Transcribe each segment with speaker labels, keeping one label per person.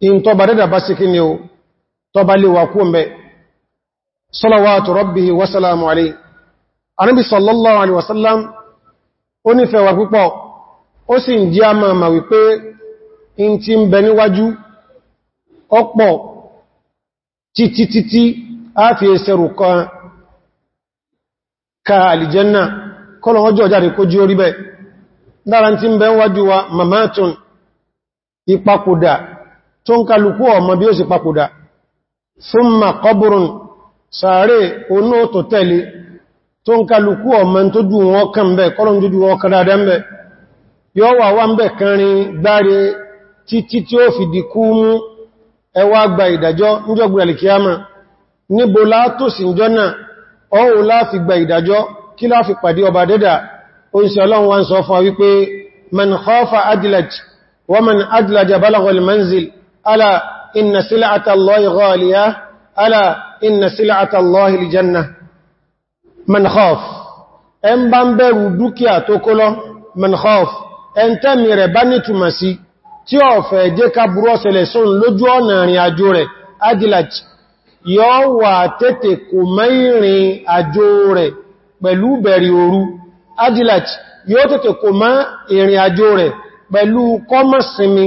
Speaker 1: in tọba dada bá sí kí ni o tọba lè wà kún bẹ salawatu rabbihi wasalamu alayhi anábi sallallahu alaihi wasallam ó nífẹ́ wa púpọ̀ ó sì ń jí a máa ma wípé in ti ń bẹ níwájú ọ̀pọ̀ títítítí a fi ẹsẹ̀rù kan ka alìjẹ́nà kọ́lọ̀ ọjọ́ jáde kó jí orí bẹ́ dára ti ń wa mamatun ìpapòdà tó ń kalùkú ọmọ bí ó sì papòdà thumma qabrun sàárè onú tó tẹ̀lé tó ń kalùkú ọmọ tó jù wọn kan bẹ́ kọ́lọ̀ jù wọn kan dáadáa ń bẹ́ yóò wà wá ń bẹ̀ kẹrin gbáre títí tí ó fi di kú mú ẹwà gba ìdájọ́ níjọ́gbìn alìkíyàmà níbo man adlaj balagha al-manzil ألا إن سلعة الله غالية ألا إن سلعة الله الجنة من خاف ẹn bá ń bẹ̀rù dúkìá tó kó lọ manhof ẹn tẹ́mì rẹ̀ bá ní túnmà sí tí ó fẹ́ jẹ́ ká burú ọ̀sẹ̀lẹ̀ sún lójú ọ̀nà ìrìn àjò rẹ̀ adilaj yóò wà tètè kò mẹ́rin àjò rẹ̀ pẹ̀lú bẹ̀rì òru adilaj yóò tètè kò mẹ́ ìrìn àjò rẹ̀ pẹ̀lú kọ́mọ̀sinmi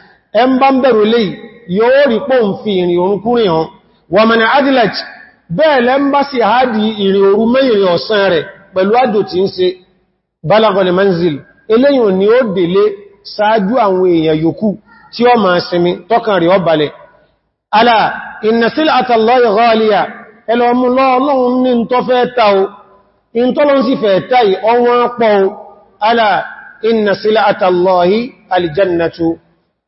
Speaker 1: ẹn bá ń bẹ̀rù lè yóò rí pò ń fi ìrìn òun kúrin hàn wà mẹ́ni adilaj bẹ́ẹ̀ lẹ́ ń bá sì hádi ìrìn òru mẹ́rin ọ̀sán rẹ̀ pẹ̀lú àjò tí ń ṣe balagọlẹ̀ manzil eléyìn ni ó délé ṣáájú àwọn èèyàn yòókù tí ó máa sinmi tọ́kàn rẹ̀ ọbalẹ̀ inna sil'atallahi aljannatu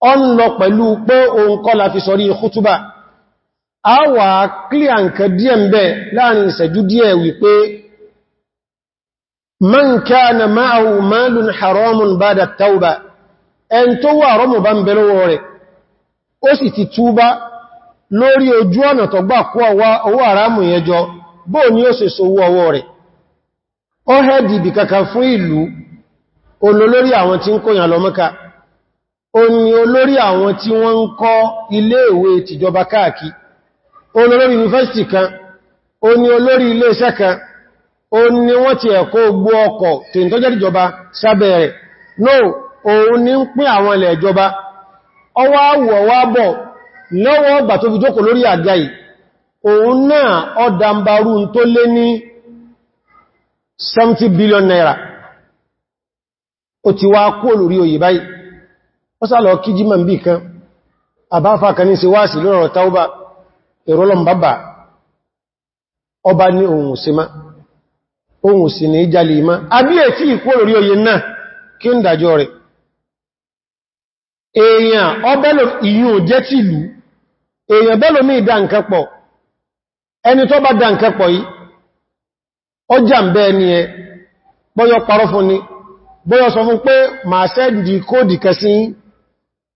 Speaker 1: ọ ń lọ pẹ̀lú pé ohun kọ́ la fi sọ̀rí ìkútúbà a wà kílíà nǹkan díẹ̀ ń bẹ láàrin ìṣẹ́jú díẹ̀ wípé man kana ma'ahu malun haramun ba'da tauba ẹn tó wà rọ́mù bá ń bẹ lọ́wọ́ rẹ̀ ó sì ti túbá lórí ojú ọ̀nà tó gbà kó owó àrámù yẹn bó ní ó sì sówó ọwọ́ rẹ̀ ó dìbì kankan fún ìlú olólórí àwọn tí ń kóyàn lọ Mẹ́kà o olórí àwọn tí wọ́n ń kọ́ iléèwé tìjọba káàkì o ni olórí yunifásitì kan o ni olórí iṣẹ́ kan o wọ́n ti ẹ̀kọ́ ogbó ọkọ̀ tèntọ́jẹ́ ìjọba sábẹ̀ no òun ni ń pín àwọn ilẹ̀ ìjọba ọwá ti wá kó Ọ sá lọ kí jí mọ̀ bí kan àbáfà kan ní sí wáàsì lọ́rọ̀ taubá ìrọ́lọ́m bàbà ọba ní ohun sí ma ohun sí ní ìjálì má ẹ̀ tí ìkú orí oyè náà kí ń dàjọ́ rẹ̀ èèyàn ọbẹ́lò ìyún jẹ́ ti ìlú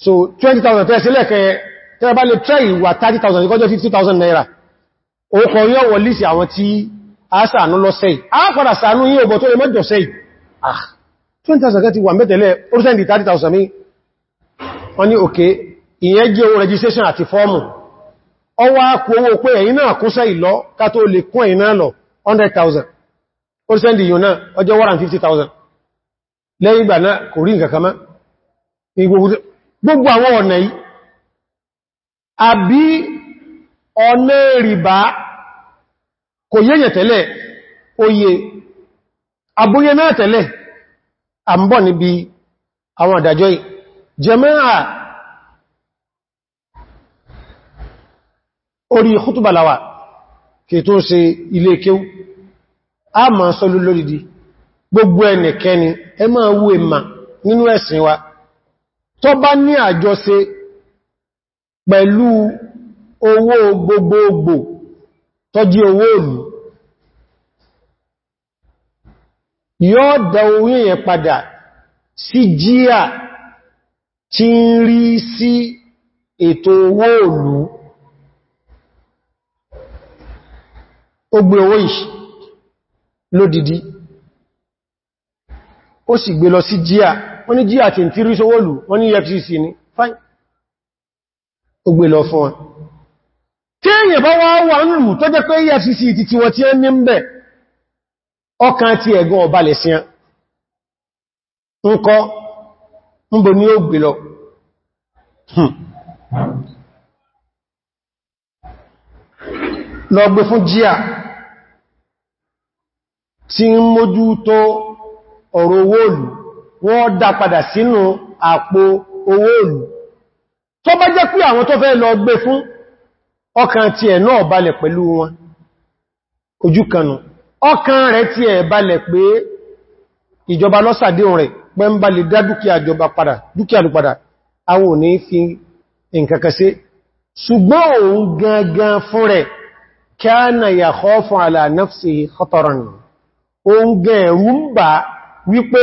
Speaker 1: so 20,000 tẹ́ sílẹ̀ kẹ́ tẹ́ bá lè tẹ́ ìwà 30,000 ìkọjọ́ 50,000 naira o kọ̀ yọ wọ lísì àwọn tí a sàánú lọ sẹ́ì a padà sàánú yí ọgbọ̀ tó lè mọ́jọ sẹ́ì ah 20,000 kẹ́ ti wà mẹ́tẹ̀lẹ̀ orísẹ́ndì 30,000 mi wọ́n ní òkè registration àti fọ́ọ̀mù ọ wá kú owó pé ẹ̀yin náà kún sẹ́ì lọ ká tó lè kún ẹ̀yin náà lọ 100,000 orísẹ́ndì yìí náà ọjọ́ 150,000 lẹ́yìn ìgbà náà kò rí nǹkan kan mọ́ gbogbo àwọn ọ̀nà yìí àbí ọ̀nà rìbá kò yẹ́yẹ̀ tẹ́lẹ̀ oyè àbúyẹ náà tẹ́lẹ̀ à ń bọ̀ níbi àwọn àdájọ́ yìí jẹmẹ́rà orí kútùbàláwà kì tó ṣe ilé kéwú a máa sọ lórí gbogbo ẹnìkẹni ẹ máa wú ẹ̀mà nínú ẹ̀sìn wa tó bá ní àjọṣe pẹ̀lú owó gbogbogbò tó jí owó òlù yóò dá owó yẹn padà sí jíà tí ń rí sí ètò owó òlù ó owó yìí lódìdí ó sì gbé lọ sí jíà wọ́n ní jíà tí ń tí rí sówólù wọ́n ní efcc ní fine ó gbé lọ fún wọn tí èyàn bá wá wà ń rù tó jẹ́ pé efcc ti ti wọ́n tí ó ní ń bẹ̀ ọkàn ti ẹ̀gùn ọba síyàn ń kọ́ ń bò ní ó gbé lọ hmm. lọ gbé fún jíà tí ń mójú tó ọ̀rọ̀ owó òlù wọ́n dá padà sínú àpò owó òlù tó bá jẹ́ pé àwọn tó fẹ́ lọ gbé fún ọkàn ti ẹ̀ náà balẹ̀ pẹ̀lú wọn ojú kanù ọkàn rẹ̀ ti ẹ̀ balẹ̀ pé ìjọba lọ́sàdéhùn rẹ̀ pẹ́ ń balẹ̀ dá dúkìá ìjọba padà dúkìá lù padà àwọn ní fi nǹkankan ṣùgbọ́n òun gangan fún rẹ̀ kana wípé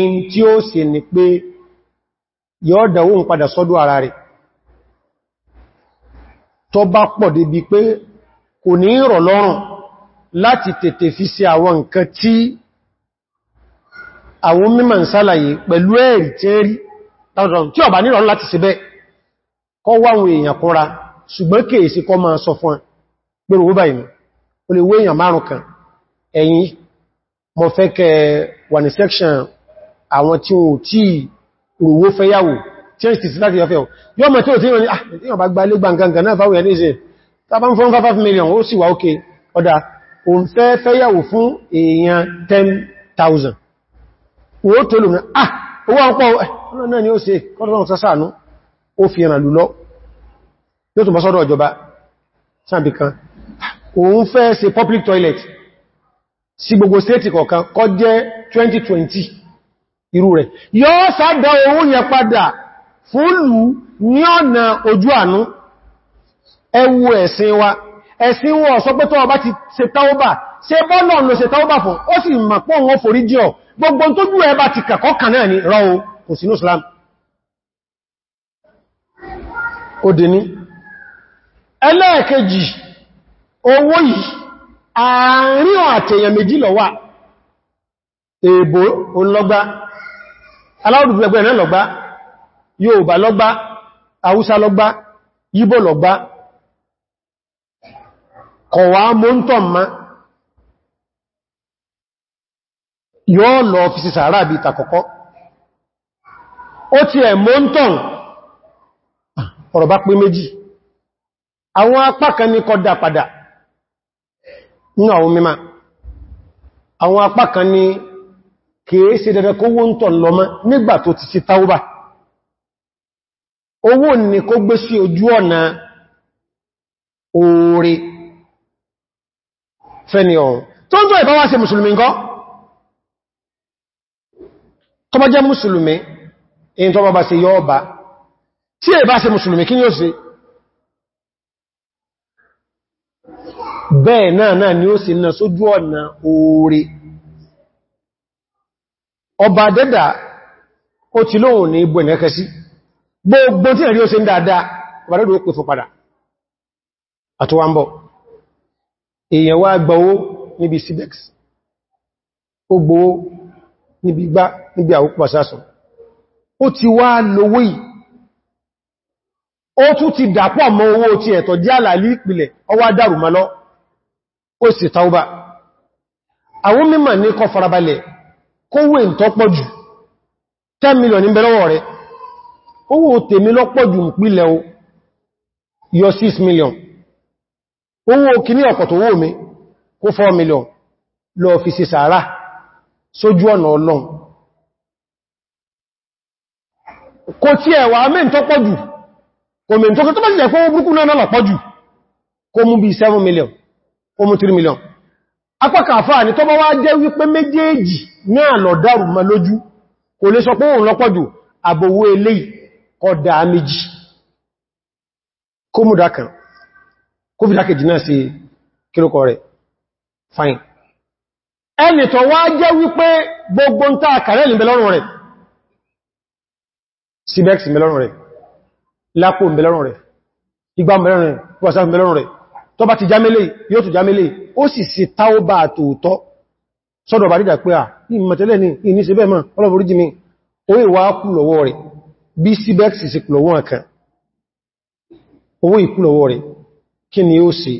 Speaker 1: in tí ó sì ní pé yóò dáwó ń padà sọ́dọ̀ ara rẹ̀ tó bá pọ̀ débi pé kò ní rọ̀ lọ́rùn láti tètè fi sí àwọn nǹkan tí àwọn mímọ̀ ń sálàyé pẹ̀lú ẹ̀rí tí ń rí tí ó bá ní rọ̀rùn láti ṣe bẹ́ẹ̀ kọ́ wáwọn èèyàn kúnra ṣùgbọ́n kèèsí kọ́ máa sọ fún gbèrò wúbà ìmú o lè wé èèyàn márùn kan ẹ̀yìn mo fẹ́ kẹ wà ní section àwọn tí wọ́n tí òwò fẹ́yàwó tí ẹ̀sì sí láti yọfẹ́ yọ́ mọ̀ tí ó ah, tí wọ́n ni àyàn bá gbalé gbangangà náà fáwọn ẹ̀lẹ́ ìṣẹ́ tàbá fún 5 million ó sì wà ókè ọ̀dá o ń fẹ́ fẹ́yàwó fún èèyàn 10,000 owó tó lò náà ah, owó ọ̀pọ̀ eh, ọ̀nà náà ni ó ṣe kọ́lọ̀lọ́run sásánú ó fi ẹ̀ràn lùlọ yóò tún bá sọ́dọ̀ ìjọba sáàbì kan òun fẹ́ ṣe public toilet sí gbogbo state kọ̀ọ̀kan kọ́ jẹ́ 2020 irú rẹ̀ yóò sádá owó yẹn padà fúnlù ní ọ̀nà ojú àánú ẹwu ẹ̀sìn wa ẹ̀sìn wọn sọ pé tọ́ọ̀bá ti ṣe táwọ́bà ṣe bọ́nà lọ ṣe táwọ́bà fún ó sì mọ̀ pọ́ wọn forí jọ gbogbo tó jú ẹba ti kàkọ́ kàn náà ni rọ́ kò sínú Islam òdìní ẹlẹ́ẹ̀kejì owó yìí àárín àtẹ̀yàn méjì lọ wà èèbò olọ́gbá aláwọ̀dùdù ẹgbẹ́ náà lọ́gbá Yorùbá lọ́gbá Haúsá lọ́gbá Yíbò lọ́gbá kọ̀wà mọ́ntọ̀ ma yóò lọ ọ́fíìsì sàárà bí ìtàkọ́kọ́ ó ti ẹ̀ mọ́ntọ̀ ọ̀rọ̀ bá pé méjì àwọn apá kan ní kọ́ dá padà àwọn mímá àwọn apá kan ní kìí ṣe dandan kó wọ́n tọ̀ lọ mọ́ nígbà tó ti ṣe táúbà owó ní kó gbé sí ojú ọ̀nà oore fẹ́ni ọ̀run tó ń tó ìbá wá ṣe mùsùlùmí ńkọ́ tó bá jẹ́ mùsùlùmí èyí tó bá ṣe yọ ọba tí è bá ṣe kí ni ó ṣe bẹ́ẹ̀ náà náà ni ó sì náà sójú ọ̀nà oore ọba dẹ́dà ó ti lóhun ní ibò ẹ̀nẹ́kẹ́ sí gbogbo tí ẹ̀rí ó ṣe ń dáadáa ọba dẹ́dà ó pè fún padà àtúwàmbọ̀ èèyàn wá gbọ́wó níbi cbex ó gbọ́wó níbi gbá níbi àwópàṣásùn ti àwọn mímọ̀ ní kówé ìtọ́pọ̀ jù 10 million ní bẹ̀lọ́wọ̀ rẹ̀ owó tèmi lọ́pọ̀ jù ń pílẹ̀ o yọ 6 million owó kìní ọ̀pọ̀ tó wó mi kó 4 million lọ fi ṣe sàárà sójú ọ̀nà ọlọ́run kò tí ẹ̀wà mẹ́ntọ́pọ̀ jù kò mẹ́ntọ́pọ̀ jù kò mú bí 7 million kó mú 3 million apákàfà ní tó bá wá jẹ́ wípé méjèèjì ní àlọ̀dárù ma lójú kò lè sọ pé òun lọ́pọ̀jù àbòwó ilé ọ̀dà méjì kó mú dákan kó fi dákejì náà sí kílùkọ rẹ̀ fine ẹni tó wá jẹ́ wípé gbogbo ń taa kàrẹ́ ní belọ́rùn rẹ̀ cbex belọ́rùn rẹ̀ lápò belọ́rùn rẹ̀ igbá ó sì sí táóbà tòótọ́ sọ́dọ̀ bá dídà pé à ní ìmọ̀tẹ́lẹ̀ ní ìníṣẹ́ bẹ́ẹ̀ mọ́ ọlọ́bùrú jimi ó ìwà kú lọ́wọ́ rẹ̀ bí síbẹ̀x sí lọ́wọ́ kan owó ìkú lọ́wọ́ rẹ̀ kí ni ó sì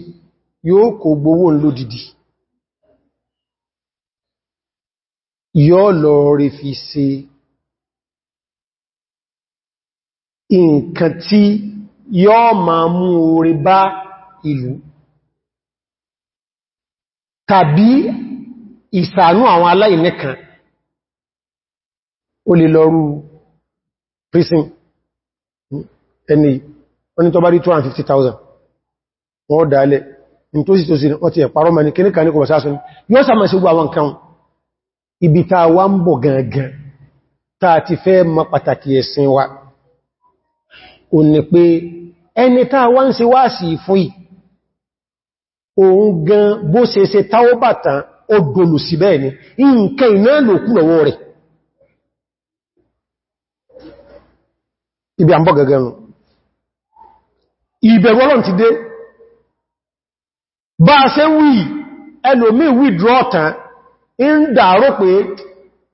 Speaker 1: yóò kò gbówó lódìdí yóò lọ tàbí ìsànú àwọn aláìníkan o lè lọ́rú prison ẹni wọ́n ni tó bá rí 250,000 wọ́n dálẹ̀ ní tó sì tó sí ọtí ẹ̀pàrọ mẹ́ni kí ní kà ní kò bọ̀sá sún yóò sàmà sí gbogbo àwọn ibi ta wá ń bọ̀ gangan ta ti fẹ́ mọ pàtàkì ẹ̀sìn wa o ní pé ẹni ta wá ń ṣe wá fún yìí òun gan bó ṣe ṣe táwọ́ bàtà ó sí bẹ́ẹ̀ ni nǹkan iná lò kú lọ́wọ́ rẹ̀ ibi àmbọ̀ ti dé bá a ṣe wí ẹlòmí withdraw tán ń dàárò pé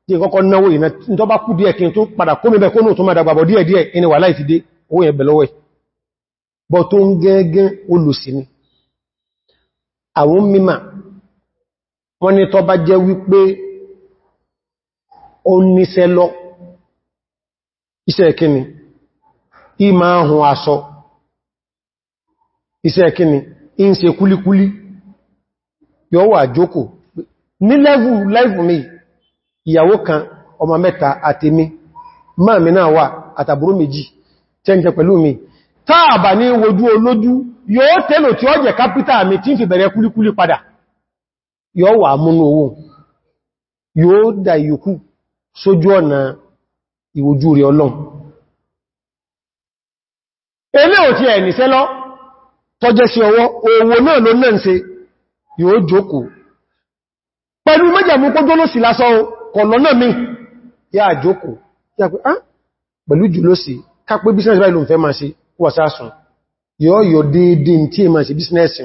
Speaker 1: tí kọ́kọ́ náwó ìná tó bá kú díẹ̀ kí tó padà kó mẹ́bẹ̀ kó náà tó mẹ́dà àwọn mímà wọ́n ní tó bá jẹ́ wípé ó níṣẹ́ lọ iṣẹ́ kíni ìmá ahùn aṣọ iṣẹ́ kíni in ṣe kúlíkúlí yóò wà jókòó ní lẹ́vù lẹ́vù mi ìyàwó kan ọmọ mẹ́ta àtèmi máa mi náà wà àtàbúrú méjì tẹ́ǹjẹ pẹ̀lú mi táàbà ní wojú olójú yóò tẹ́lò tí ó jẹ kápítà mi tí ń fi bẹ̀rẹ̀ kúlíkúlí padà yóò wà múnú owó yóò dà ìyókù sójú ọ̀nà ìwojú rẹ̀ ọlọ́run elé ò ti ẹ̀nìṣẹ́ lọ tọ́jẹ́ sí ọwọ́ owó náà ló náà ṣe yóò jókòó pẹ̀lú mẹ́jẹ̀mú kójó ló sì lásọ kọ̀lọ́ mi yá jókòó ah, pẹ̀lú jùlọ sí kápé bí sẹ́ẹ̀sì báyìí ló ń fẹ́ wọ̀sásùn yóò yóò dédé tí ma ṣe bísínẹ́sì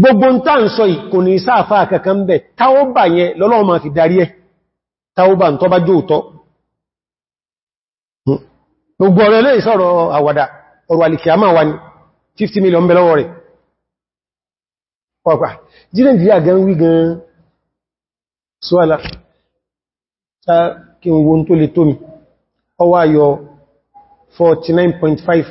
Speaker 1: gbogbo ta ń sọ ìkò ní sáàfà kankan bẹ̀ táwọ́bà yẹn lọ́lọ́wọ́ ma fi darí ẹ táwọ́bà ń tọ́bá jóòtọ́ hmm. gbogbo ọ̀rọ̀ ilé ìsọ̀rọ̀ àwàdà ọ̀rọ̀ alìkìyàmà million bẹ̀lọ́wọ́ rẹ̀ ọ̀pá jílẹ̀ ìdíyà gan wí gan sọ́ọ̀lá kí n wo tó le ọwá yọ 49.5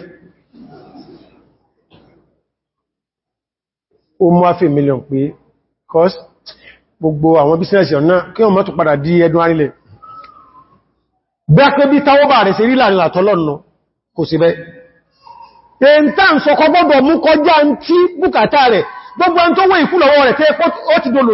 Speaker 1: ó mú àfẹ́ mílíọ̀n pé kọ́s gbogbo àwọn bísínẹ̀sì ọ̀nà kí wọ́n mọ́tò padà di ẹdùn arílẹ̀ bẹ́ẹ̀ pé bí táwọ́ bà rẹ̀ sí rílà nílà tọ́lọ́nà kò sí bẹ́ ẹ̀ntà ń sọ kọgbọ́dọ̀ mú kọjá ń tí bùkátà rẹ̀ gbogbo ẹn tó wé ìkúlọ̀wọ́ rẹ̀ tẹ́ ó ti dolo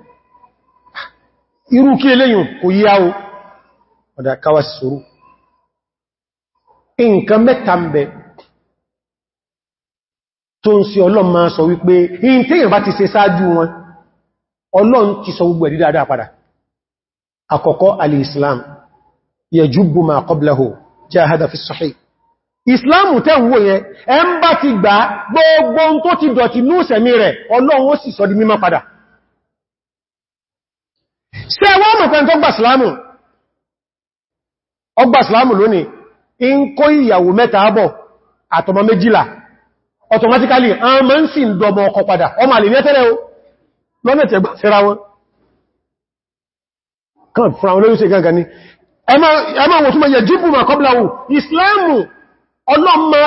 Speaker 1: irú kí eléyìn kò yí áwó ọ̀dá káwà sòrò nǹkan mẹ́ta ń bẹ tó ń sí ọlọ́n máa sọ wípé in tí ìrìnbá ti ṣe sáájú wọn ọlọ́n ti sọ gbogbo ẹ̀dí dáadáa padà àkọ́kọ́ alìsìláàm yẹjúbù ma qablahu jahada fi sahih ìsìláàmù tẹ́ ń yẹn ẹ ń bá ti gbà gbogbo tó ti dọ̀tí ní òsẹ̀mí rẹ̀ ọlọ́run ó sì sọ di mímọ́ padà ṣe wọ́n mọ̀ pẹ́ntọ́ gbàsìlámù ọgbàsìlámù lónìí in kó ìyàwó mẹ́ta àbọ̀ àtọmọ méjìlá automatically a mọ́ ń sì dọmọ ọkọ padà ọmọ àlè mẹ́tẹ́rẹ o lọ́nà tẹ̀gbà síra wọn kan fúnra wọn lórí ṣe gangan ni ẹmọ́ wọ́n túnmọ̀ yẹ jíbù mà kọ́bláwù ìsìláàmù ọlọ́mọ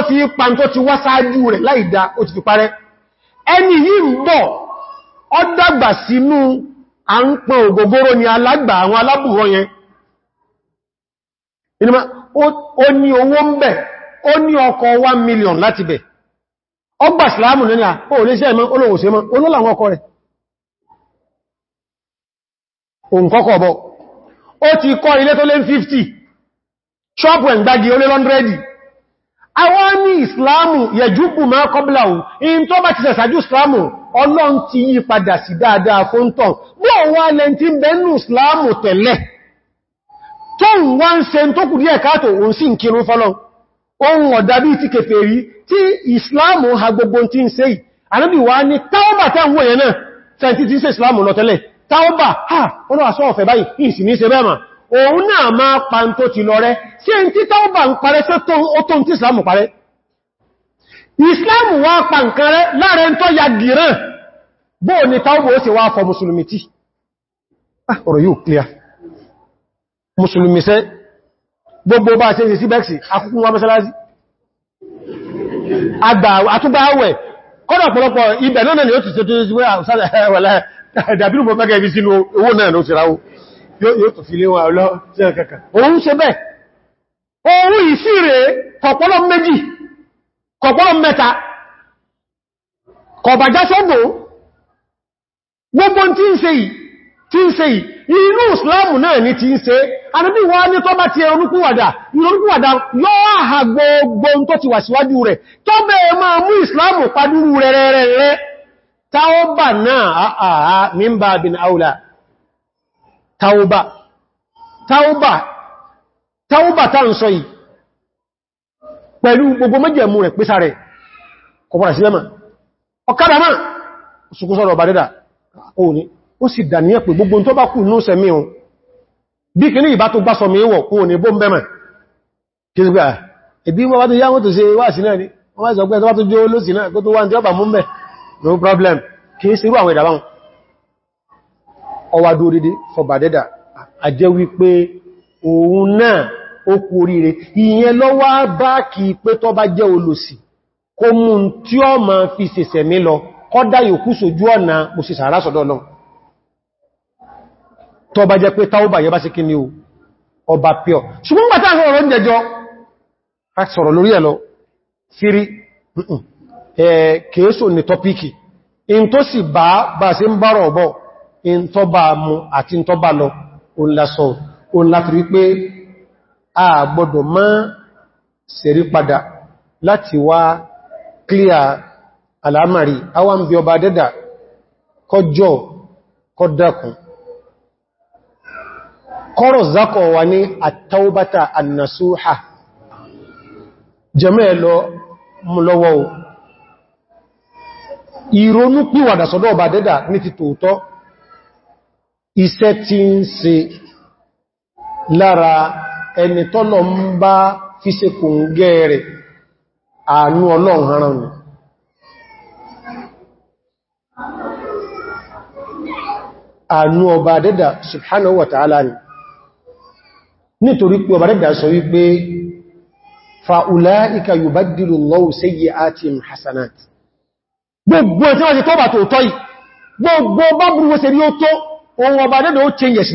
Speaker 1: sínú a ń pọ̀ ògógóró ni alágbà àwọn alábùrọ̀ yẹn ó ní owó ń bẹ̀ ó ní ọkọ̀ 1 million láti bẹ̀ ọgbà ìsìlámù ní àpò oléṣẹ́ ìmọ́ olóòwòsẹ́ mọ́ olóòlàwọn ọkọ̀ rẹ̀ ti 50 100 islamu. ọlọ́run ti yí padà sí dáadáa fún tọ́ bí òun alẹ́ tí ń bẹnu islamu tẹ̀lẹ̀ tó ń wá ń ṣe tó kù díẹ̀ káàtò òun sì ń kírun fọ́lọ́ ohun ọ̀dá bí ti kèfèrí tí islamu ha gbogbo tí ń ṣe yìí anábì wá ní táọ́bà ha wọ́n wà sọ́ ọ̀fẹ́ báyìí ìsì ní ṣe bẹ́ẹ̀mà òun náà máa pa ń islamu parẹ́ islam wá pa nǹkan rẹ̀ láàrin tó ya gìrán bóò ni tàbí ó sì wá fọ musulmi tí ah, ọ̀rọ̀ yóò clear musulmi sẹ́ gbogbo bá ṣe ìrìsí bẹ́ẹ̀sì akúkún wá mẹ́sàlásí àtúgbàwẹ̀ kọ́nà ọ̀pọ̀lọpọ̀ ibẹ̀ náà ni ó ti ṣe tó sí wẹ́ àwọn sáàdẹ̀ kọ̀pọ̀lọ̀ mẹ́ta kọ̀bàjá sọ́gbò gbogbo tí ń se yìí tí ń ṣe yìí inú ìsìláàmù náà ní tí ń ṣe anábí wọ́n ní tó bá ti gbogbo tó ti wà síwájú rẹ̀ tó bẹ̀ẹ̀ máa mú ìsìláàmù padúrú rẹ̀ rẹ̀ náà mímbà pẹ̀lú gbogbo mẹ́jẹ̀mú rẹ̀ pèsà rẹ̀ kọ̀pọ̀lá sí mẹ́mà ọ̀kadà máa ṣùkúsọ̀rọ̀ ọba dẹ́dà òní ó sì dà níyẹ̀ pé gbogbo tó bá kù ní sẹ̀mí ohun bí kì ní ìbá tó gbásọ mẹ́wọ̀ kú ní bó mẹ́mà ah, ẹbí wọ́n bá tó yá wọ́n tó ṣe wá sí náà ni wọ́n bá no problem kì í sí irú àwọn ìdàbáhùn ọwà dúró dédé fọ̀bà dẹ́dà àjẹ́ wípé òun náà ó kú oríire ìyẹn lọ wá bá kí pé tó bá jẹ́ olòsì kó mú tí ó ma fi sẹ̀sẹ̀ mí lọ kọ́dá yòókù sójú ọ̀nà òsìsàrá sọ́dọ̀ lọ tó bá jẹ́ pé táúbà yẹ bá sí kí ni o ọba pẹ́ọ̀ ṣùgbọ́n bàtà ọ̀rọ̀ jẹjọ a in tó sì bá bá sí ń bárọ̀ a gbọdọ̀ mọ́ sẹ̀rí padà láti wá kílíà alamari àwọn bí ọba dẹ́dà kọjọ́ kọdákùn kọ́rọ̀ zákọ̀ wà ní àtàúbátà annasúhà jẹ́mẹ́ lọ lọ́wọ́ ìrònú pìwàdà sọ́dọ̀ ọba dẹ́dà ní ti tòótọ́ iṣẹ́ tí ń ṣe lára ẹni tọ́lọ ń bá fi ṣe kò ń gẹ́ rẹ̀ àánú ọlọ́run haran ni àánú ọba dẹ́dà subhanahu wa ta'ala ni nítorí pé ọba dẹ́dà sọ wípé fa'ula'ika yubaddilu Allahu sayyi'atihim hasanat gbogbo tí wọ́n ti tọ́bà tó tọ́ yìí gbogbo bá burú wọ́n ṣe rí change sí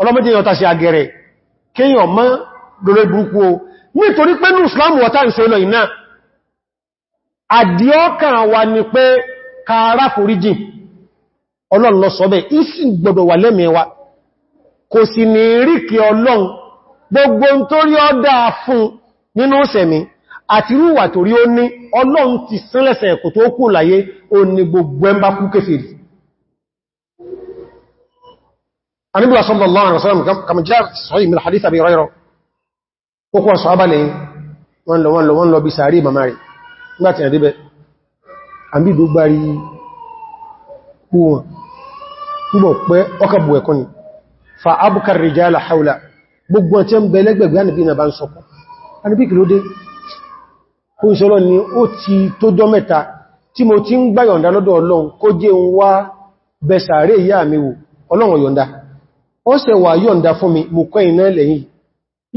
Speaker 1: ọlọ́mọdé yọta sí agẹrẹ kíyàn mọ́ lórí burúkú o nítorí pé ní wọ́ta ń ṣe àdíọ́kàn wa ni pé kààrà foríjì ọlọ́lọ́ sọ́bẹ̀ isi gbọdọ̀ wà lẹ́mẹ̀ẹ́wà kò sì ní rí kí ọlọ́n gbogbo torí ọdá fún nínú sẹ̀mí àti rúwà torí ó ní ọlọ́n ti sánlẹ̀sẹ̀ kò tó النبي صلى الله عليه وسلم كما جاء صحيح من حديث ابي هريره وقوا الصحابه ليه wọ́n lọ wọ́n lọ wọ́n lọ bí sàárì màmá rẹ̀ nígbàtí àdébẹ̀ àbídò gbárí kú wọn púpọ̀ pẹ́ ọkàbù ẹ̀kọ́ ni fa abúkar rijala haula gbogbo ọ̀tẹ́ ń bẹ lẹ́gbẹ̀gbẹ̀ ànìbí na bá ń sọpọ̀ ànìbí kìló dé ó ń sọ́lọ́ ni ó ti tó jọ mẹ́ta tí mo ti ń gbáyọ̀ndà lọ́dọ̀ ọlọ́run kó jẹ́ ń wá bẹ sàárè ìyá mi wò ọlọ́run yọ̀ndà ose se wà yọ̀nda fún mi mú kọ́ iná lẹ́yìn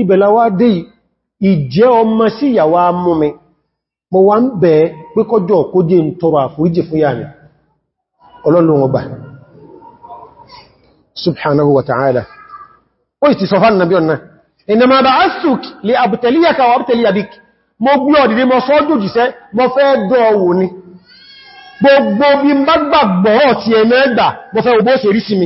Speaker 1: ibẹ̀láwá dé ìjẹ́ ọmọ sí ìyàwó mú mi mo wá ń bẹ̀ pé kọjọ́ kó jẹ́ ń tọrọ àforíjì fún yà mi ọlọ́lọ́run ọba mo ni gbogbo bí n bá gbàgbọ́ ọ̀tí ẹ̀mẹ́gbà mo fẹ́ òbó ṣe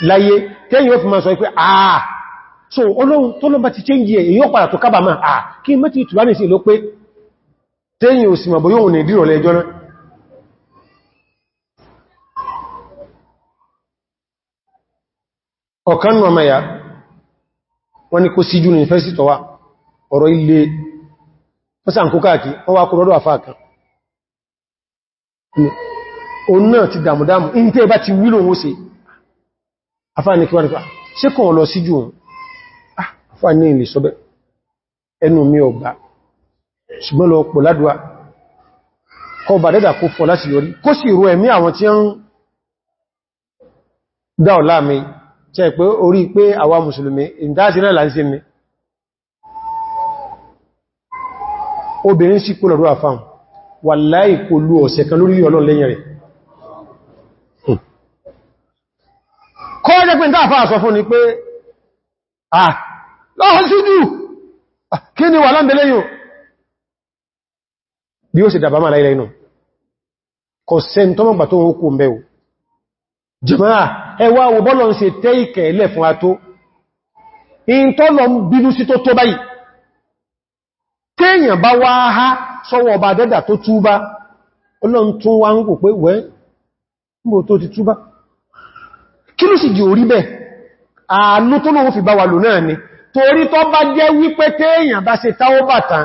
Speaker 1: láyé tẹ́yìn ó fi máa sọ pé àà ah! so olóhun tó lọ bá ti change ẹ̀ èyí ó padà tó kábà máa ah! àà kí mẹ́tí ìtùwà ní sí ló pé tẹ́yìn ò sì mọ̀ bóyóhun ní ìdírò lẹ́jọ́ náà ọ̀kan ọmọ ya wọ́n ni kó síjú ní wa àfáà ní kí wá ní ah, ṣe kàn lọ síjú òun ah, àfáà ní ilè sọ́bẹ̀ ẹnu mi ọgbà ṣùgbọ́n lọ pọ̀ ládùá kọ bà dẹ́dà kó fọ́ láti yọrí kó sì rú ẹ̀mí àwọn tí ń dá ọ̀lá mi tí ẹ pé orí pé àwa mùsùlùmí ìdáàtí náà láti mi obìnrin sí kó lọ́dọ̀ àfáà wà láì kó lú ọ̀sẹ̀ kan lórí ọlọ́ lẹ́yìn rẹ̀ kọ́ jẹ́ pé dáfà sọ fún ni pé ah lọ́wọ́ síjú kí ni wà lámbẹ̀lẹ́ yóò bí ó sì dàbà máa láìlẹ́ inú kò sẹ́n tó mọ́gbà tó hókù mẹ́wò ẹwà bọ́lọ̀ ń tẹ́ ìkẹ̀ ilẹ̀ fún ató in tó lọ kí ló sì jì orí bẹ́ àánú tó lóun fi bá wà lò náà ni torí tó bá jẹ́ wípé téèyàn bá ṣe táwó bà tán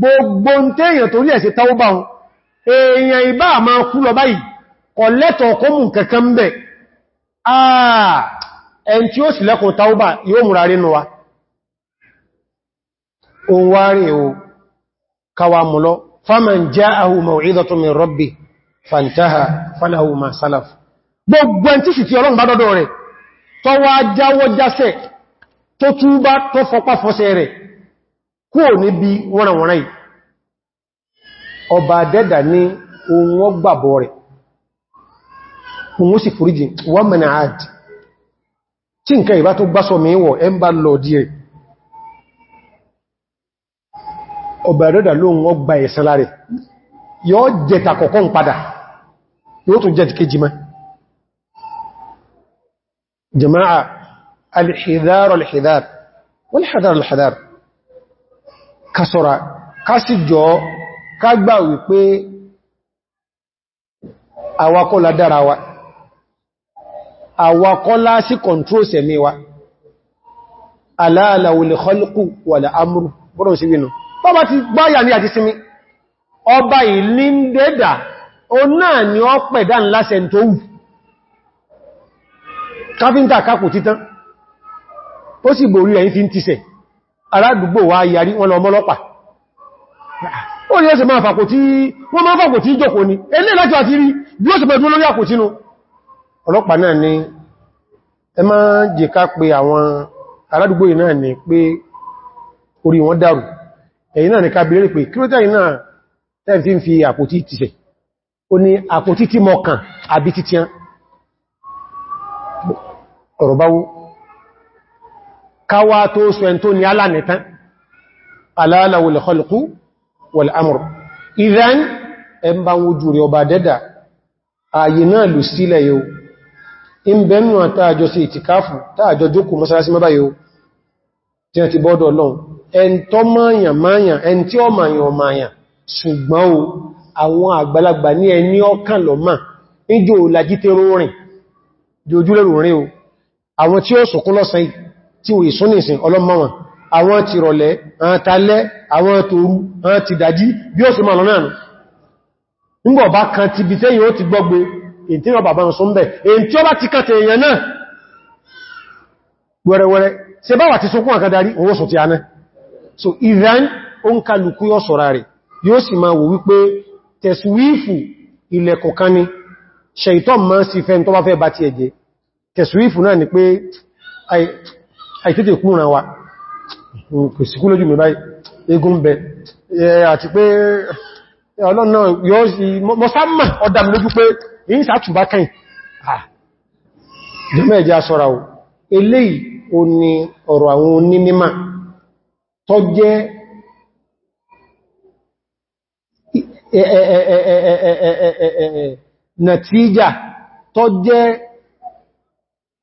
Speaker 1: gbogbo téèyàn torí ẹ̀ ṣe táwó bà wọn èèyàn ìbá àmà kú lọ báyìí kò lẹ́tọ̀ọ́ kó mú kankan bẹ̀ àà ẹn tí ó sì min rabbi fantaha falahu ma salaf gbogbo ẹn tí sì fi ọlọ́run bá dọ́dọ̀ rẹ̀ tó wá jáwọ́ jásẹ̀ tó túbá tó fọpá fọsẹ̀ rẹ̀ kú ò ní bí wọ́nàwọ́nà yìí ọba dẹ́dà ní ohun wọ́n gbàbọ̀ rẹ̀ ohun sì foríjì wọ́n mẹ́nà àdì tí nǹkan ìbá tó gbásọ yóò tún jẹ́ kejì máa جماعة الحذار الحذار والحذار الحذار كسرة كسجọ́ kágbà wípé àwakọ́ la dára wa àwakọ́ la sí kọ̀ntró sẹ̀mí wa aláàlàwòlè kọlùkù wà láàmùrù bọ́rọ̀ sí wínú bọ́bá ti gbáyà ní àti sinmi ọba ìlú ń dẹ́dà o náà ni ọ pẹ̀dá ńlá sẹ́ntówù káfíntà kákù títán ó sì borí ẹ̀yìn fi ń tíṣẹ̀ aládùgbò wa yarí wọn lọ mọ́lọ́pà ó ní ẹsẹ̀ máa fàkò tí wọ́n máa fàkò tí jòkó ni elé láti àti rí bí ó sì pẹ̀lú lórí àkòtínú ọlọ́pàá náà ni ẹ máa jẹ ni pé orí wọn dàrú ẹ̀yìn náà ni ká bèèrè pé kí ló tẹ́yìn náà ọ̀rọ̀báwó káwà tó sọ ẹn tó ní alánìtán aláàlàwò lẹ́kọlùkú wọ̀l'amùrù ìrẹ́n ẹn bá ń wojú rẹ̀ ọba dẹ́dà ààyè náà lù sílẹ̀ yóò in bẹ̀nù àtàjọ sí ìtìkáfù tààjọ jókù mọ́sálásí mẹ́bà yóò tí a ti bọ́dọ̀ lọ́n ẹn tọ́ máyàn máyàn ẹn tí ọ o àwọn tí ó sùkún lọ́sàn tí wò ìsúnìsìn ọlọ́mọ́wọ̀n àwọn ti rọ̀lẹ́ àwọn talẹ́ àwọn tòru àwọn ti dájí bí ó sì máa lọ́nà nù ńgbọ̀ bá kan ti bí tẹ́yìn ó ti gbọ́gbé èyí tí wọ́n bàbá ń sún bẹ̀ èyí tí ó bá ti kan tẹ̀ èèyàn náà wẹ̀rẹ̀wẹ̀rẹ̀ ṣe bá wà so iran ó ń kalùkú yóò sọ̀rà rẹ̀ yóò sì máa wò wípé tẹ̀sùwífù ilẹ̀ kọ̀kan ni ṣẹ̀ìtọ́ máa sí fẹ́ tó bá fẹ́ bá ti ẹ̀jẹ̀ tẹ̀sùwífù náà ni pé àìtètè kúrò náà wa kò síkú lójú mi báyìí egun bẹ àti pé ọlọ́run náà yóò sí mọ́sánmà ọdá mi lójú pé èyí sàtùbá kẹ́ jẹ́mẹ́ẹ̀dẹ́ asọ́ra o eléyìí o ni ọ̀rọ̀ àwọn onímímà tó jẹ́ nàtíjà tó jẹ́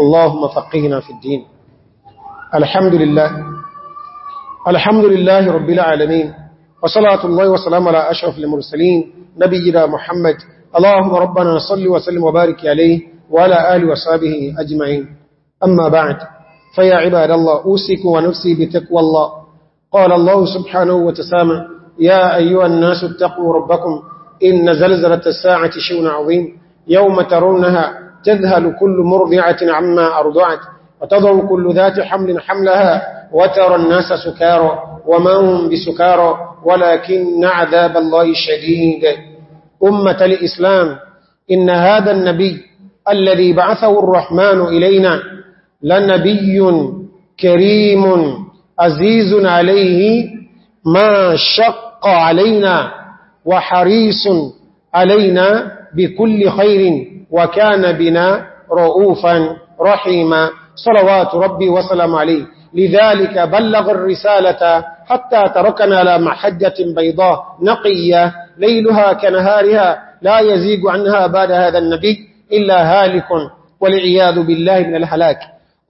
Speaker 1: اللهم فقهنا في الدين الحمد لله الحمد لله رب العالمين وصلاة الله وسلام على أشرف المرسلين نبينا محمد اللهم ربنا صل وسلم وبارك عليه وعلى آل وصحبه أجمعين أما بعد فيا عباد الله أوسك ونفسي بتقوى الله قال الله سبحانه وتسامع يا أيها الناس اتقوا ربكم إن زلزلة الساعة شون عظيم يوم ترونها تذهل كل مرضعة عما أرضعت وتضع كل ذات حمل حملها وترى الناس سكارى وما هم بسكارى ولكن عذاب الله شديد أمة الإسلام إن هذا النبي الذي بعثه الرحمن إلينا لنبي كريم عزيز عليه ما شق علينا وحريص علينا بكل خير وكان بنا رؤوفا رحيما صلوات ربي وسلم عليه لذلك بلغ الرسالة حتى تركنا على محجة بيضاء نقية ليلها كنهارها لا يزيق عنها بعد هذا النبي إلا هالك والعياذ بالله من الحلاك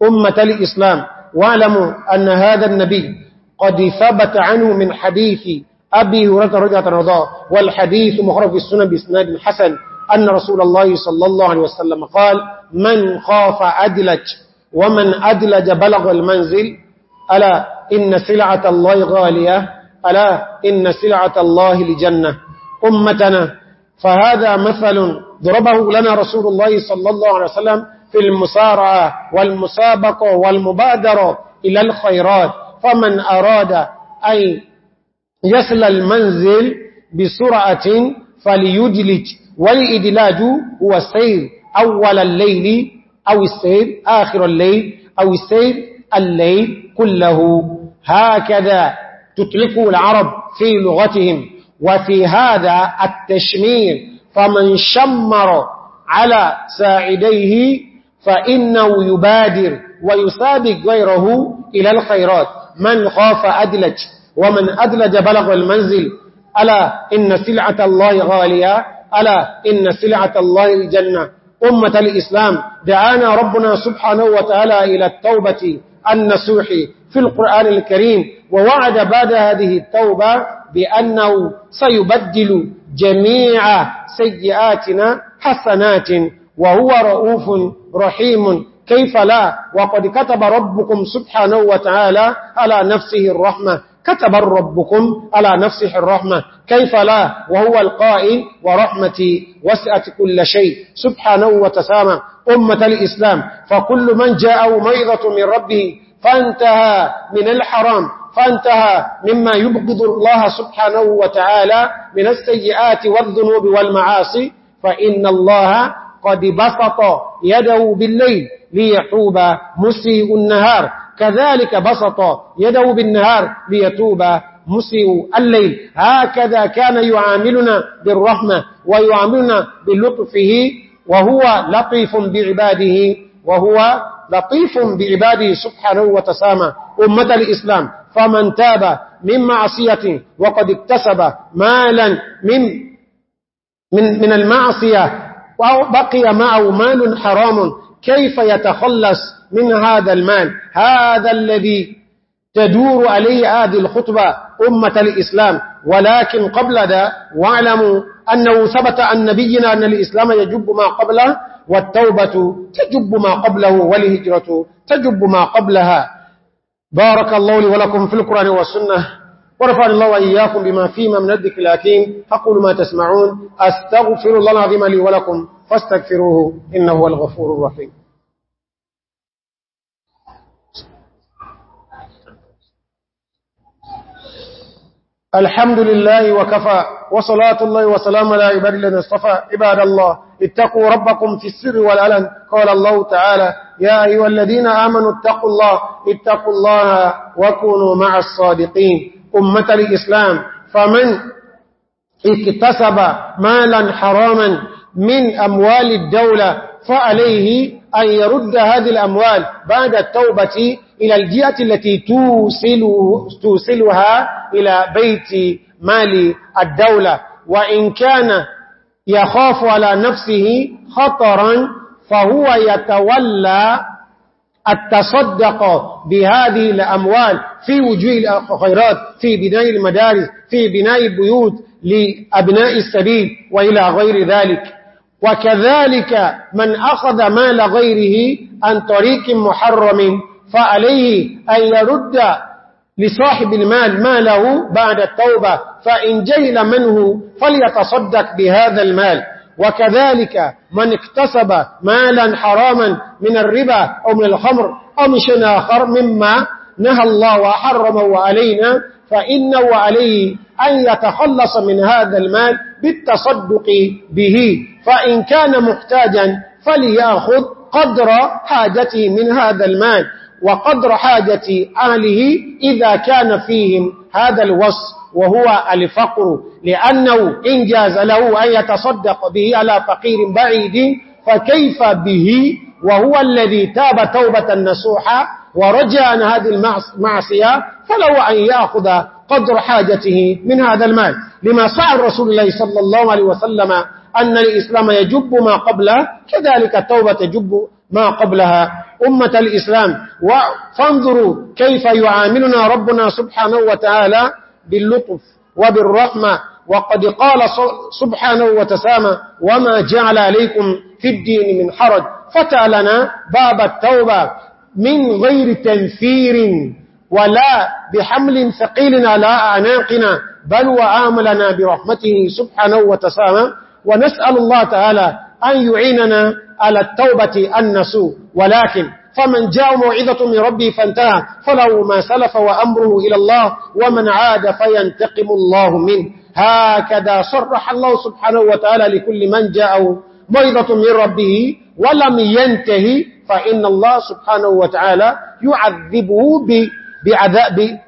Speaker 1: أمة الإسلام واعلموا أن هذا النبي قد ثبت عنه من حديث أبي رجعة رضي الله عنه والحديث مخرج في السنن بإسناد حسن أن رسول الله صلى الله عليه وسلم قال من خاف أدلج ومن أدلج بلغ المنزل ألا إن سلعة الله غالية ألا إن سلعة الله لجنة أمتنا فهذا مثل ضربه لنا رسول الله صلى الله عليه وسلم في المسارعة والمسابقة والمبادرة إلى الخيرات فمن أراد أن يسل المنزل بسرعة فليدلج والإدلاج هو السير أول الليل أو السير آخر الليل أو السير الليل كله هكذا تطلق العرب في لغتهم وفي هذا التشمير فمن شمر على ساعديه فإنه يبادر ويسابق غيره إلى الخيرات من خاف أدلج ومن أدلج بلغ المنزل ألا إن سلعة الله غالية ألا إن سلعة الله الجنة أمة الإسلام دعانا ربنا سبحانه وتعالى إلى التوبة النسوح في القرآن الكريم ووعد بعد هذه التوبة بأنه سيبدل جميع سيئاتنا حسنات وهو رؤوف رحيم كيف لا وقد كتب ربكم سبحانه وتعالى على نفسه الرحمة كتب ربكم على نفسه الرحمة كيف لا وهو القائل ورحمتي وسأت كل شيء سبحانه وتسامى أمة الإسلام فكل من جاء ميضة من ربه فانتهى من الحرام فانتهى مما يبغض الله سبحانه وتعالى من السيئات والذنوب والمعاصي فإن الله قد بسط يده بالليل ليحوب مسيء النهار كذلك بسط يده بالنهار ليتوب مسيء الليل هكذا كان يعاملنا بالرحمة ويعاملنا بلطفه وهو لطيف بعباده وهو لطيف بعباده سبحانه وتسامى أمة الإسلام فمن تاب من معصية وقد اكتسب مالا من, من, من المعصية وبقي معه مال حرام كيف يتخلص من هذا المال هذا الذي تدور عليه هذه الخطبة أمة الإسلام ولكن قبل ذا واعلموا أنه ثبت عن نبينا أن الإسلام يجب ما قبله والتوبة تجب ما قبله والهجرة تجب ما قبلها بارك الله لي ولكم في القرآن والسنة ورفع الله وإياكم بما فيما من الذكر الأكيم أقول ما تسمعون أستغفر الله العظيم لي ولكم فاستغفروه إنه هو الغفور الرحيم الحمد لله وكفى وصلاة الله وسلام على عباد الله اصطفى عباد الله اتقوا ربكم في السر والألن قال الله تعالى يا أيها الذين آمنوا اتقوا الله اتقوا الله وكونوا مع الصادقين أمة الإسلام فمن اكتسب مالا حراما من أموال الدولة فعليه أن يرد هذه الأموال بعد التوبة إلى الجهة التي توصلها إلى بيت مال الدولة وإن كان يخاف على نفسه خطرا فهو يتولى التصدق بهذه الأموال في وجوه الخيرات في بناء المدارس في بناء البيوت لأبناء السبيل وإلى غير ذلك وكذلك من أخذ مال غيره عن طريق محرم فعليه أن يرد لصاحب المال ماله بعد التوبة فإن جيل منه فليتصدق بهذا المال وكذلك من اكتسب مالا حراما من الربا أو من الخمر أو من شيء آخر مما نهى الله وحرم وعلينا فإنه عليه أن يتخلص من هذا المال بالتصدق به فإن كان محتاجا فليأخذ قدر حاجته من هذا المال وقدر حاجة أهله إذا كان فيهم هذا الوصف وهو الفقر لأنه إن جاز له أن يتصدق به على فقير بعيد فكيف به وهو الذي تاب توبة نسوحة ورجى عن هذه المعصية فلو أن يأخذ قدر حاجته من هذا المال لما سأل رسول الله صلى الله عليه وسلم أن الإسلام يجب ما قبله كذلك التوبة تجب ما قبلها أمة الإسلام فانظروا كيف يعاملنا ربنا سبحانه وتعالى باللطف وبالرحمة وقد قال سبحانه وتسامى وما جعل عليكم في الدين من حرج فتى لنا باب التوبة من غير تنفير ولا بحمل ثقيل على أعناقنا بل وآملنا برحمته سبحانه وتسامى ونسأل الله تعالى أن يعيننا على التوبة النسو ولكن فمن جاء موعظة من ربي فانتهى فله ما سلف وأمره إلى الله ومن عاد فينتقم الله منه هكذا صرح الله سبحانه وتعالى لكل من جاءه موعظة من ربه ولم ينتهي فإن الله سبحانه وتعالى يعذبه بعذاب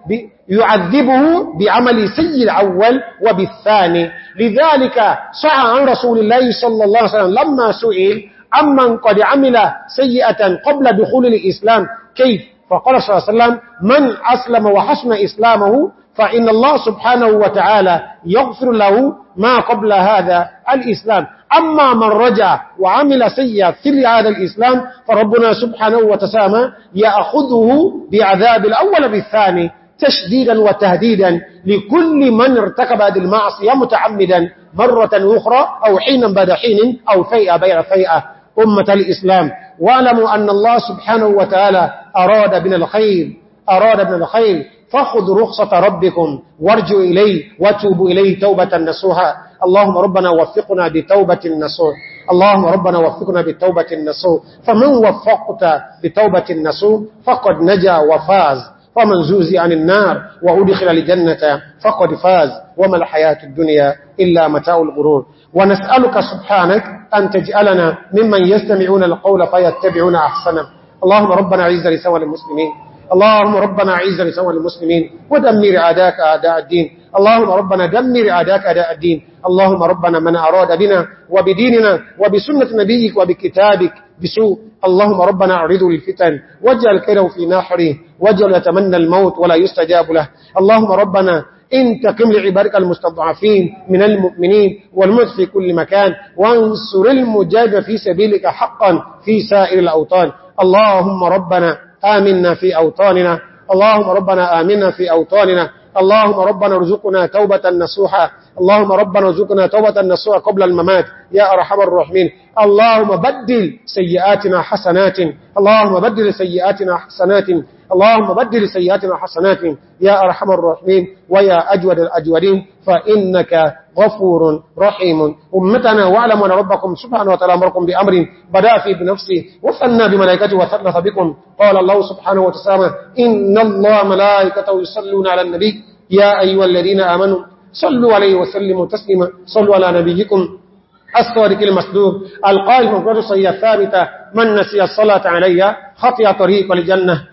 Speaker 1: يعذبه بعمل سي الأول وبالثاني لذلك سعى عن رسول الله صلى الله عليه وسلم لما سئل أما قد عمل سيئة قبل دخول الإسلام كيف فقال صلى الله عليه وسلم من أسلم وحسن إسلامه فإن الله سبحانه وتعالى يغفر له ما قبل هذا الإسلام أما من رجع وعمل سيئة في هذا الإسلام فربنا سبحانه وتسامى يأخذه بعذاب الأول بالثاني تشديدا وتهديدا لكل من ارتكب هذه المعصية متعمدا مرة أخرى أو حينا بعد حين أو فيئة بين فيئة أمة الإسلام واعلموا أن الله سبحانه وتعالى أراد بنا الخير أراد بنا الخير فاخذ رخصة ربكم وارجوا إليه وتوبوا إليه توبة نسوها اللهم ربنا وفقنا بتوبة النصوح اللهم ربنا وفقنا بتوبة النصوح فمن وفقت بتوبة النصوح فقد نجا وفاز ومن زوزي عن النار وأدخل لجنة فقد فاز وما الحياة الدنيا إلا متاع الغرور ونسألك سبحانك أن تجعلنا ممن يستمعون القول فيتبعون أحسنه اللهم ربنا عز لسوى المسلمين اللهم ربنا عز لسوى المسلمين ودمر عداك أعداء الدين اللهم ربنا دمر عداك أعداء الدين اللهم ربنا من أراد بنا وبديننا وبسنة نبيك وبكتابك بسوء اللهم ربنا اعرضه للفتن واجعل كيله في ناحره واجعل يتمنى الموت ولا يستجاب له اللهم ربنا انتقم لعبادك المستضعفين من المؤمنين والمؤمنين في كل مكان وانصر المجاب في سبيلك حقا في سائر الأوطان اللهم ربنا آمنا في أوطاننا اللهم ربنا آمنا في أوطاننا اللهم ربنا ارزقنا توبة نصوحة اللهم ربنا ارزقنا توبة نصوحة قبل الممات يا أرحم الراحمين اللهم بدل سيئاتنا حسنات اللهم بدل سيئاتنا حسنات اللهم بدل سيئاتنا حسنات يا أرحم الراحمين ويا أجود الأجودين فإنك غفور رحيم أمتنا واعلموا أن ربكم سبحانه وتعالى أمركم بأمر بدأ في بنفسه وفنا بملائكته وثلث بكم قال الله سبحانه وتعالى إن الله ملائكته يصلون على النبي يا أيها الذين آمنوا صلوا عليه وسلموا تسليما صلوا على نبيكم الصادق المسدوب القائل من قدس الثابتة من نسي الصلاة علي خطي طريق لجنة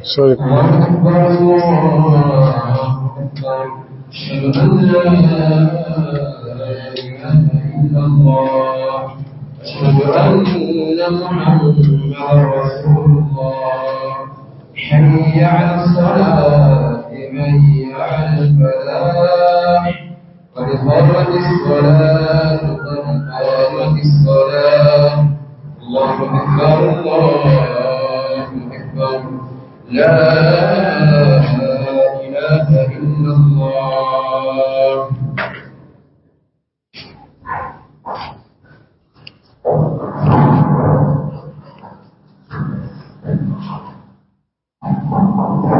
Speaker 2: صحيح. أشهد أن محمد رسول الله حي على الصلاة حي على الفلاح قد قامت الصلاة قد قامت الصلاة الله أكبر الله أكبر لا إله إلا الله Thank you.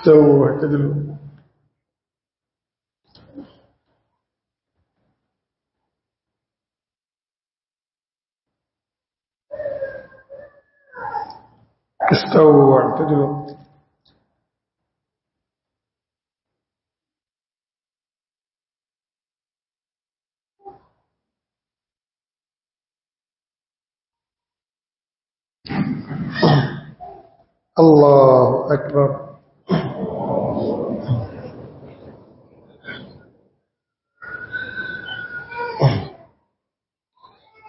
Speaker 2: استووا واعتدلوا استووا واعتدلوا الله أكبر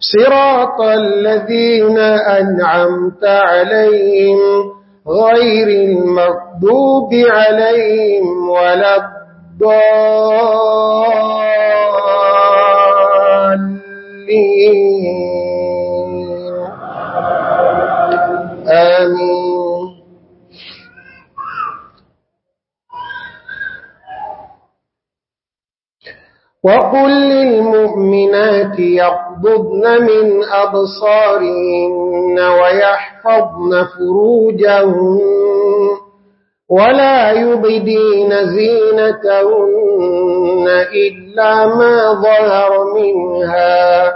Speaker 2: صراط الذين أنعمت عليهم غير المغضوب عليهم ولا الضالين آمين وقل للمؤمنات يقبضن من أبصارهن ويحفظن فروجهن ولا يبدين زينتهن إلا ما ظهر منها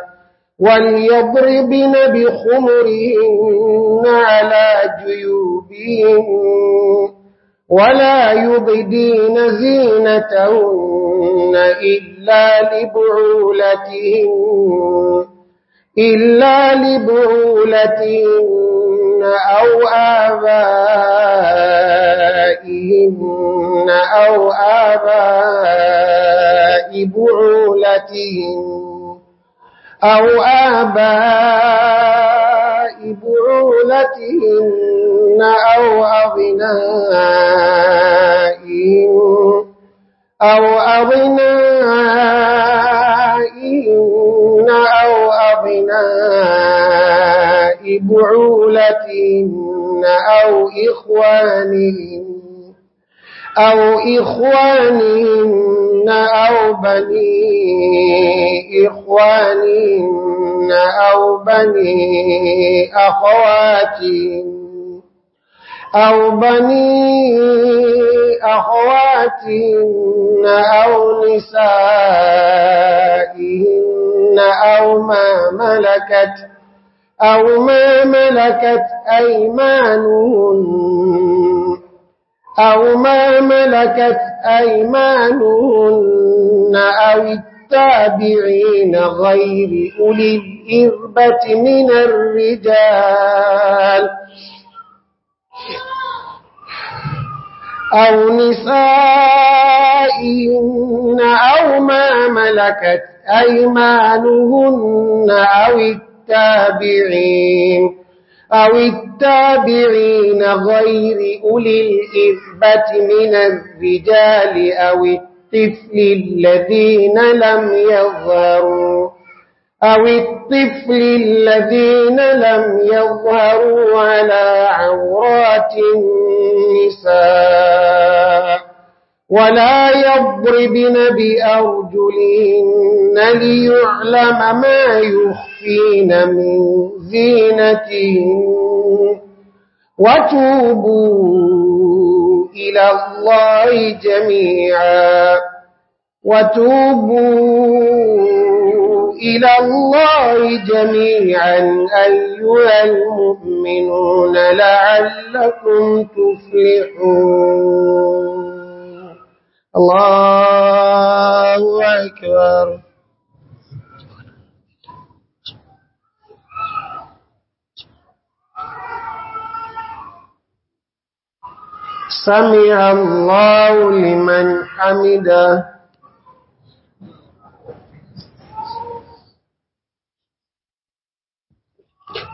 Speaker 2: وليضربن بخمرهن على جيوبهن ولا يبدين زينتهن إلا لبعولتهن إلا لبعولتهن أو آبائهن أو آباء بعولتهن أو آباء بعولتهن أو أغنائهم أو أغنائهم أو أغناء بعولتهم أو إخوانهم أو إخوانهن أو بني إخوانهن أو بني أخواتهن أو بني أخواتهن أو نسائهن أو ما ملكت أو ما ملكت أيمانهن أو ما ملكت أيمانهن أو التابعين غير أولي الإربة من الرجال أو نسائهن أو ما ملكت أيمانهن أو التابعين أو التابعين غير أولي الإذبة من الرجال أو الطفل الذين لم يظهروا أو الطفل الذين لم يظهروا على عورات النساء ولا يضربن بأرجلهن ليعلم ما يخفين من زينتهن وتوبوا إلى الله جميعا وتوبوا إلى الله جميعا أيها المؤمنون لعلكم تفلحون الله أكبر سمع الله لمن حمده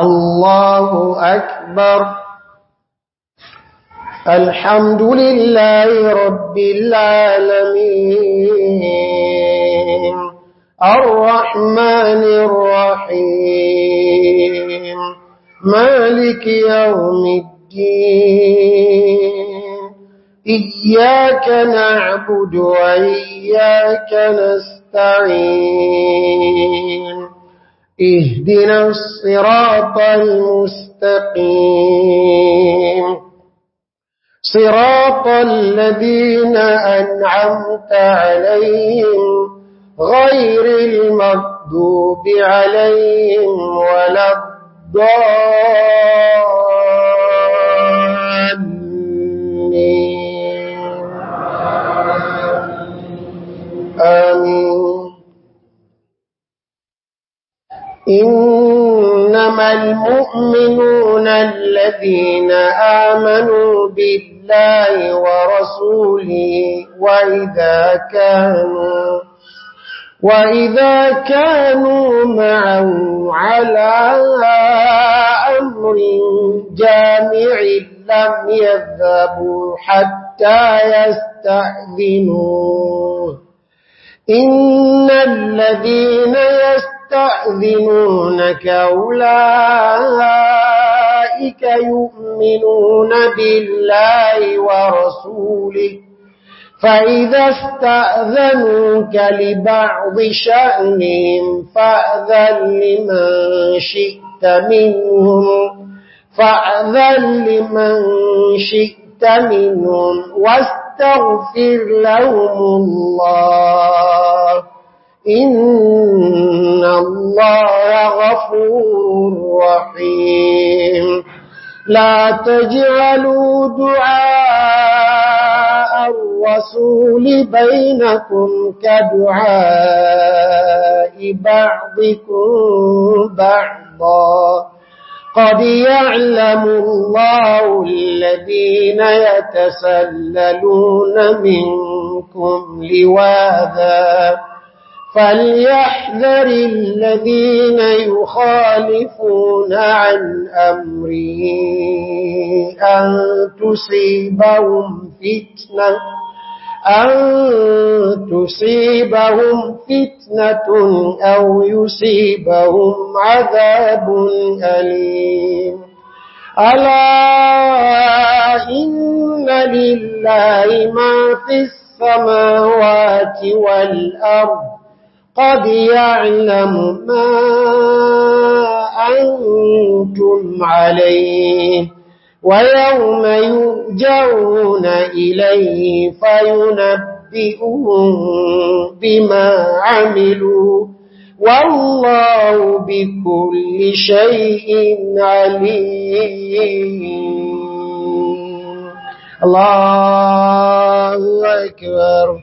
Speaker 2: الله أكبر الحمد لله رب العالمين الرحمن الرحيم مالك يوم الدين إياك نعبد وإياك نستعين اهدنا الصراط المستقيم صراط الذين أنعمت عليهم غير المغضوب عليهم ولا الضالين إنما المؤمنون الذين آمنوا بالله ورسوله وإذا كانوا وإذا كانوا معه على أمر جامع لم يذهبوا حتى يستأذنوه إن الذين يستأذنون يستأذنونك أولئك يؤمنون بالله ورسوله فإذا استأذنوك لبعض شأنهم فأذن لمن شئت منهم فأذن لمن شئت منهم واستغفر لهم الله إن الله غفور رحيم لا تجعلوا دعاء الرسول بينكم كدعاء بعضكم بعضا قد يعلم الله الذين يتسللون منكم لواذا فليحذر الذين يخالفون عن أمره أن تصيبهم فتنة أن تصيبهم فتنة أو يصيبهم عذاب أليم ألا إن لله ما في السماوات والأرض قد يعلم ما أنتم عليه ويوم يؤجرون إليه فينبئهم بما عملوا والله بكل شيء عليم الله أكبر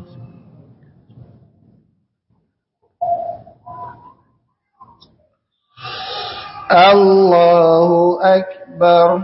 Speaker 2: الله أكبر